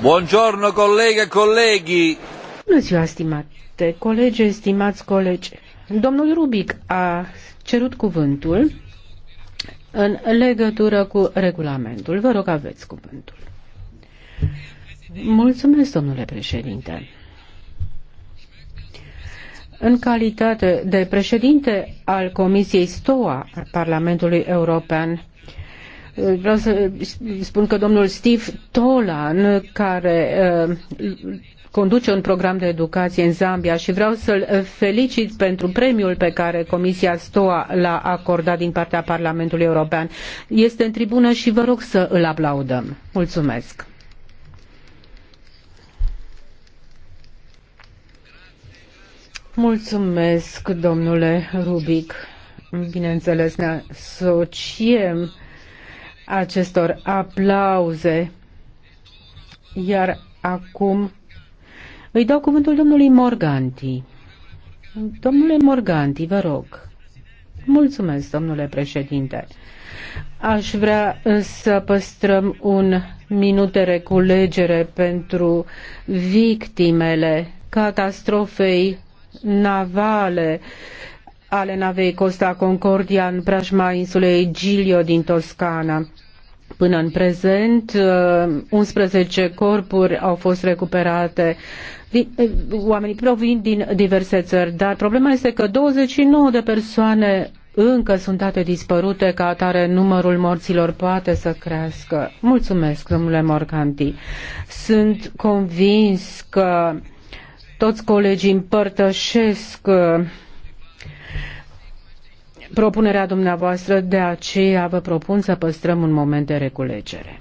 Buongiorno, colleghe, colleghi! Bună ziua, stimate colegi, stimați colegi! Domnul Rubic a cerut cuvântul în legătură cu regulamentul. Vă rog, aveți cuvântul. Mulțumesc, domnule președinte. În calitate de președinte al Comisiei STOA a Parlamentului European, Vreau să spun că domnul Steve Tolan, care uh, conduce un program de educație în Zambia și vreau să-l felicit pentru premiul pe care Comisia STOA l-a acordat din partea Parlamentului European. Este în tribună și vă rog să îl aplaudăm. Mulțumesc! Mulțumesc, domnule Rubic. Bineînțeles, ne asociem acestor aplauze. Iar acum îi dau cuvântul domnului Morganti. Domnule Morganti, vă rog. Mulțumesc, domnule președinte. Aș vrea să păstrăm un minut de reculegere pentru victimele catastrofei navale ale navei Costa Concordia în preajma insulei Giglio din Toscana. Până în prezent, 11 uh, corpuri au fost recuperate. Uh, oamenii provin din diverse țări, dar problema este că 29 de persoane încă sunt date dispărute, ca atare numărul morților poate să crească. Mulțumesc, domnule Morganti. Sunt convins că toți colegii împărtășesc uh, propunerea dumneavoastră, de aceea vă propun să păstrăm un moment de reculegere.